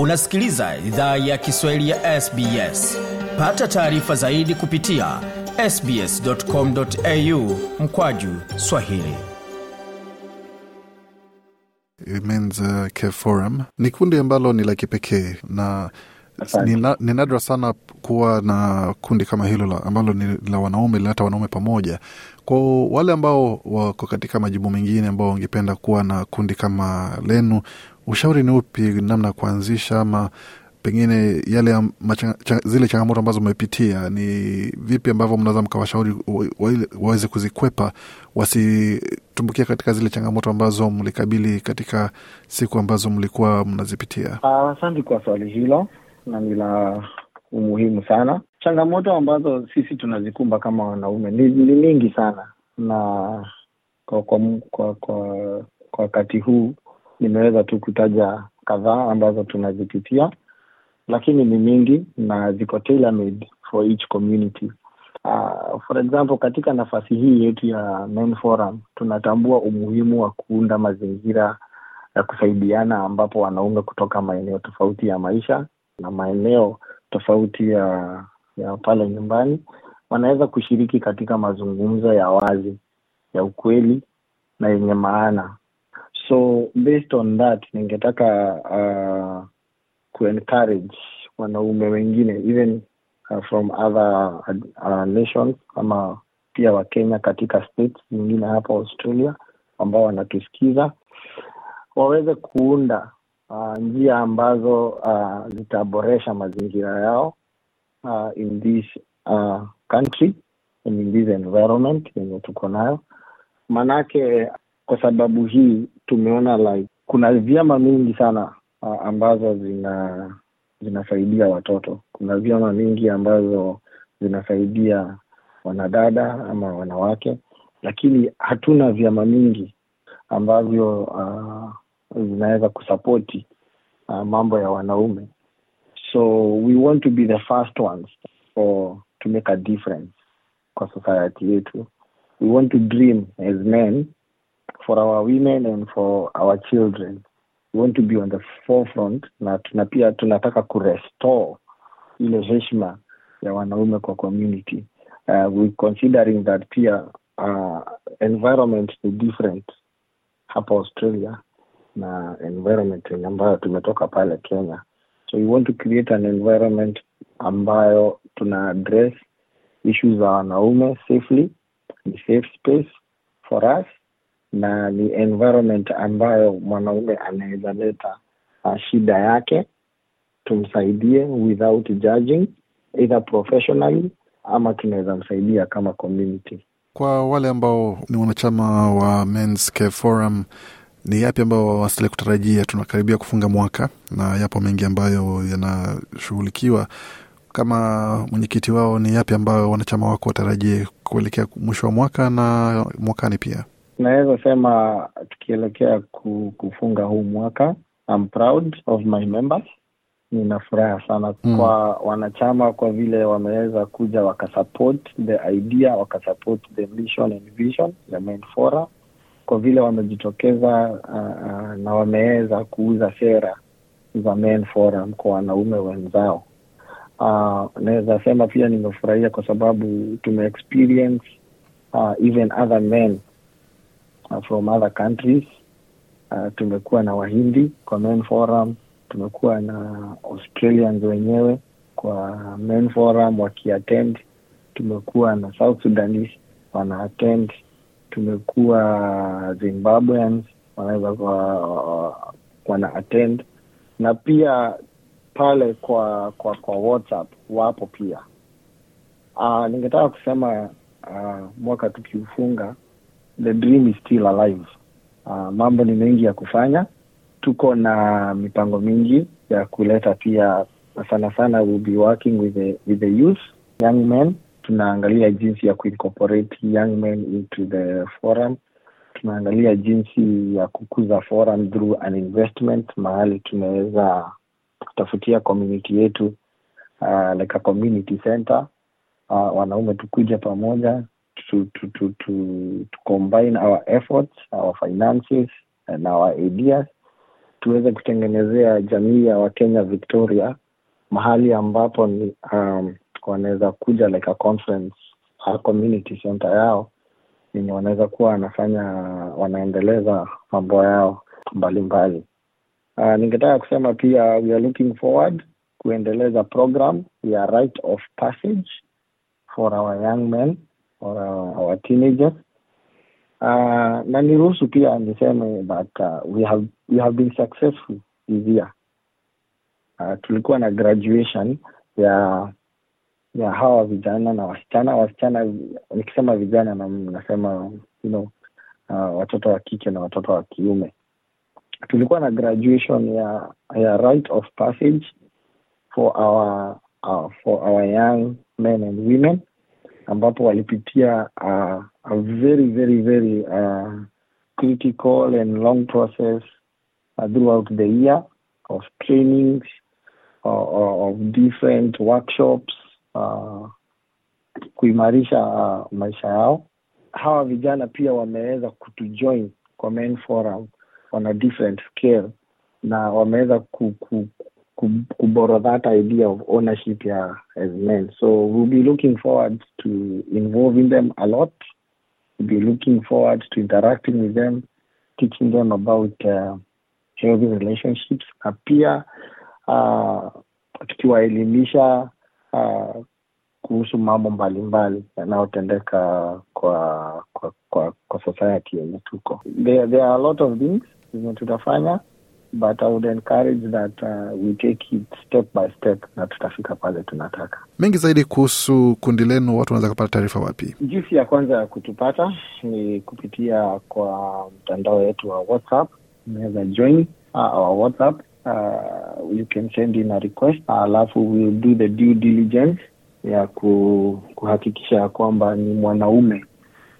unasikiliza idhaa ya kiswahili ya sbs pata taarifa zaidi kupitia sbscomau mkwaju swahili Men's uh, Care Forum ni kundi ambalo ni la kipekee na ni nadra sana kuwa na kundi kama hilo la, ambalo ni la wanaume linaleta wanaume pamoja. Kwa wale ambao wako katika majimbo mengine ambao wangependa kuwa na kundi kama lenu, ushauri ni upi namna ya kuanzisha ama pengine yale zile changamoto ambazo mmepitia ni vipi ambavyo mnaweza mkawashauri waweze kuzikwepa wasitumbukia katika zile changamoto ambazo mlikabili katika siku ambazo mlikuwa mnazipitia? Ah, asante uh, kwa swali hilo na ni la umuhimu sana. Changamoto ambazo sisi tunazikumba kama wanaume ni, ni mingi sana na kwa, kwa, kwa, kwa, kwa wakati huu nimeweza tu kutaja kadhaa ambazo tunazipitia, lakini ni mingi na ziko tailor-made for each community. Uh, for example katika nafasi hii yetu ya Main Forum tunatambua umuhimu wa kuunda mazingira ya kusaidiana ambapo wanaume kutoka maeneo tofauti ya maisha na maeneo tofauti ya, ya pale nyumbani wanaweza kushiriki katika mazungumzo ya wazi ya ukweli na yenye maana So based on that, ningetaka uh, kuencourage wanaume wengine even uh, from other uh, nations ama pia Wakenya katika states nyingine hapa Australia ambao wanatusikiza waweze kuunda uh, njia ambazo uh, zitaboresha mazingira yao uh, in this uh, country in this environment yenye tuko nayo manake kwa sababu hii tumeona like kuna vyama mingi sana ambazo zina zinasaidia watoto. Kuna vyama mingi ambazo zinasaidia wanadada ama wanawake, lakini hatuna vyama mingi ambavyo uh, zinaweza kusapoti uh, mambo ya wanaume so we want to be the first ones for to make a difference kwa society yetu we want to dream as men for our women and for our children we want to be on the forefront na tuna pia tunataka kurestore ile heshima ya wanaume kwa community uh, we considering that pia uh, environment ni different hapa australia na environment ambayo tumetoka pale kenya so we want to create an environment ambayo tuna address issues za wanaume safely ni safe space for us na ni environment ambayo mwanaume anaweza leta uh, shida yake, tumsaidie without judging either professionally ama tunaweza msaidia kama community. Kwa wale ambao ni wanachama wa Men's Care Forum, ni yapi ambao wastali kutarajia? Tunakaribia kufunga mwaka na yapo mengi ambayo yanashughulikiwa. Kama mwenyekiti wao, ni yapi ambayo wanachama wako watarajie kuelekea mwisho wa mwaka na mwakani pia? tunaweza sema tukielekea kufunga huu mwaka I'm proud of my members. Nina furaha sana mm, kwa wanachama kwa vile wameweza kuja wakasupport the idea, wakasupport the mission and vision kwa vile wamejitokeza uh, uh, na wameweza kuuza sera za kwa wanaume wenzao. Uh, naweza sema pia nimefurahia kwa sababu tume experience uh, even other men Uh, from other countries uh, tumekuwa na wahindi kwa main forum tumekuwa na australians wenyewe kwa main forum wakiattend tumekuwa na south sudanese wanaattend tumekuwa zimbabweans wanaweza wana atend na pia pale kwa kwa kwa whatsapp wapo pia uh, ningetaka kusema uh, mwaka tukiufunga the dream is still alive. Uh, mambo ni mengi ya kufanya, tuko na mipango mingi ya kuleta pia, sana sana we'll be working with the, with the youth young men. Tunaangalia jinsi ya kuincorporate young men into the forum. Tunaangalia jinsi ya kukuza forum through an investment, mahali tunaweza kutafutia community yetu uh, like a community center uh, wanaume tukuja pamoja to, to, to, to, to combine our efforts, our finances and our ideas tuweze kutengenezea jamii ya Wakenya Victoria mahali ambapo ni um, wanaweza kuja like a conference a community center yao yenye wanaweza kuwa wanafanya wanaendeleza mambo yao mbalimbali. Uh, ningetaka kusema pia we are looking forward kuendeleza program ya right of passage for our young men Uh, our teenagers uh, na niruhusu pia niseme that uh, we have, we have been successful this year uh, tulikuwa na graduation ya ya hawa vijana na wasichana wasichana nikisema vijana na nasema you know, uh, watoto wa kike na watoto wa kiume tulikuwa na graduation ya, ya right of passage for our, uh, for our young men and women ambapo walipitia uh, a very very very uh, critical and long process uh, throughout the year of trainings uh, uh of different workshops uh, kuimarisha uh, maisha yao. Hawa vijana pia wameweza kutujoin kwa main forum on a different scale na wameweza ku, ku, kuboro that idea of ownership ya as men. So we'll be looking forward to involving them a lot. We'll be looking forward to interacting with them, teaching them about uh, healthy relationships na pia uh, tukiwaelimisha uh, kuhusu mambo mbalimbali yanayotendeka kwa, kwa, kwa, kwa society yenye tuko. There, there are a lot of things zenye tutafanya but I would encourage that uh, we take it step by step na tutafika pale tunataka. Mengi zaidi kuhusu kundi lenu, watu wanaweza kupata taarifa wapi? Jinsi ya kwanza ya kutupata ni kupitia kwa mtandao wetu wa WhatsApp. Unaweza join uh, our WhatsApp uh, you can send in a request, uh, alafu uh, we'll do the due diligence ya kuhakikisha ya kwamba ni mwanaume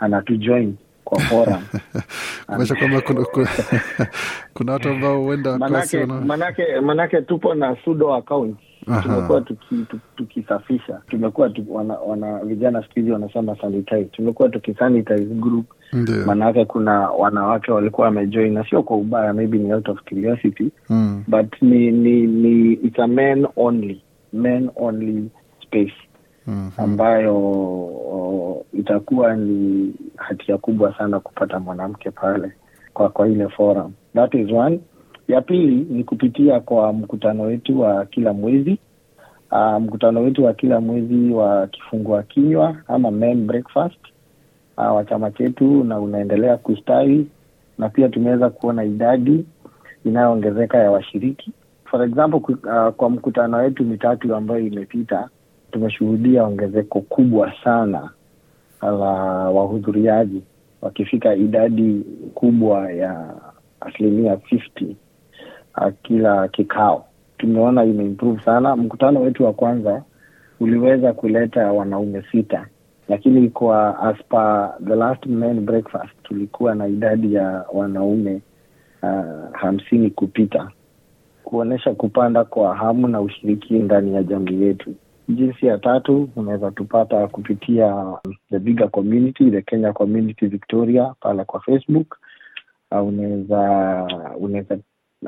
anatujoin kwa forum kumesha kwamba kuna, watu ambao huenda manake, manake, manake tupo na sudo account tumekuwa tukisafisha tuki tumekuwa tuki, wana, wana vijana siku hizi wanasema sanitize tumekuwa tukisanitize group Ndiyo. manake kuna wanawake walikuwa wamejoin na sio kwa ubaya maybe ni out of curiosity mm. but ni, ni, ni it's a men only men only space mm -hmm. ambayo o, itakuwa ni hatia kubwa sana kupata mwanamke pale kwa, kwa ile forum. That is one. Ya pili ni kupitia kwa mkutano wetu wa kila mwezi uh, mkutano wetu wa kila mwezi wa kifungua kinywa ama breakfast uh, wa chama chetu na unaendelea kustawi, na pia tumeweza kuona idadi inayoongezeka ya washiriki. For example, ah, kwa mkutano wetu mitatu ambayo imepita tumeshuhudia ongezeko kubwa sana la wahudhuriaji wakifika idadi kubwa ya asilimia 50 uh, kila kikao. Tumeona imeimprove sana. Mkutano wetu wa kwanza uliweza kuleta wanaume sita, lakini kwa aspa the last breakfast tulikuwa na idadi ya wanaume uh, hamsini kupita, kuonyesha kupanda kwa hamu na ushiriki ndani ya jamii yetu. Jinsi ya tatu unaweza tupata kupitia the bigger community, the Kenya Community Victoria pale kwa Facebook. Uh, unaweza unaweza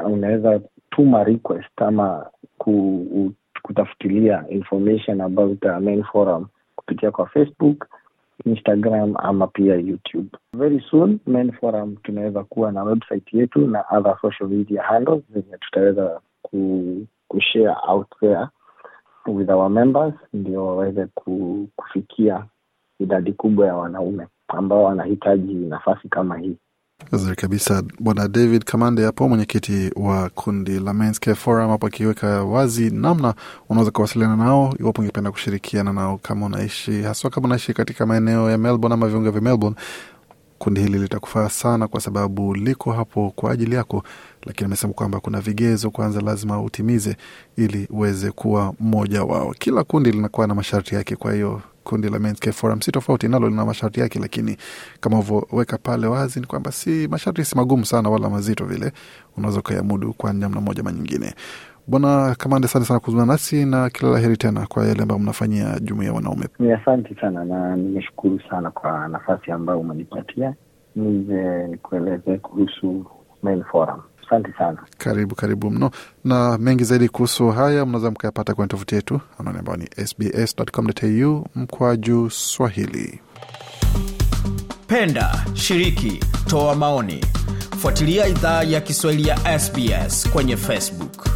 unaweza tuma request ama ku, kutafutilia information about the main forum kupitia kwa Facebook, Instagram ama pia YouTube. Very soon main forum tunaweza kuwa na website yetu na other social media handles zenye tutaweza ku, kushare out there with our members ndio waweze kufikia idadi kubwa ya wanaume ambao wanahitaji nafasi kama hii. Zuri kabisa, Bwana David Kamande hapo, mwenyekiti wa kundi la Men's Forum, hapo akiweka wazi namna unaweza kuwasiliana nao iwapo ungependa kushirikiana nao kama unaishi haswa, kama unaishi katika maeneo ya Melbourne ama viunga vya Melbourne kundi hili litakufaa sana kwa sababu liko hapo kwa ajili yako, lakini amesema kwamba kuna vigezo kwanza lazima utimize ili uweze kuwa mmoja wao. Kila kundi linakuwa na masharti yake, kwa hiyo kundi la Men's Care Forum si tofauti nalo lina masharti yake, lakini kama ulivyoweka pale wazi ni kwamba si masharti si magumu sana wala mazito vile, unaweza ukayamudu kwa namna moja manyingine. Bwana Kamande, asante sana kuzungumza nasi na kila la heri tena kwa yale ambayo mnafanyia jumuia wanaume. Asante sana na nimeshukuru sana kwa nafasi ambayo umenipatia nize nikueleze kuhusu Mail Forum. Asante sana, karibu karibu mno. Na mengi zaidi kuhusu haya mnaweza mkayapata kwenye tovuti yetu anaoni ambayo ni sbs.com.au juu Swahili. Penda, shiriki, toa maoni, fuatilia idhaa ya Kiswahili ya SBS kwenye Facebook.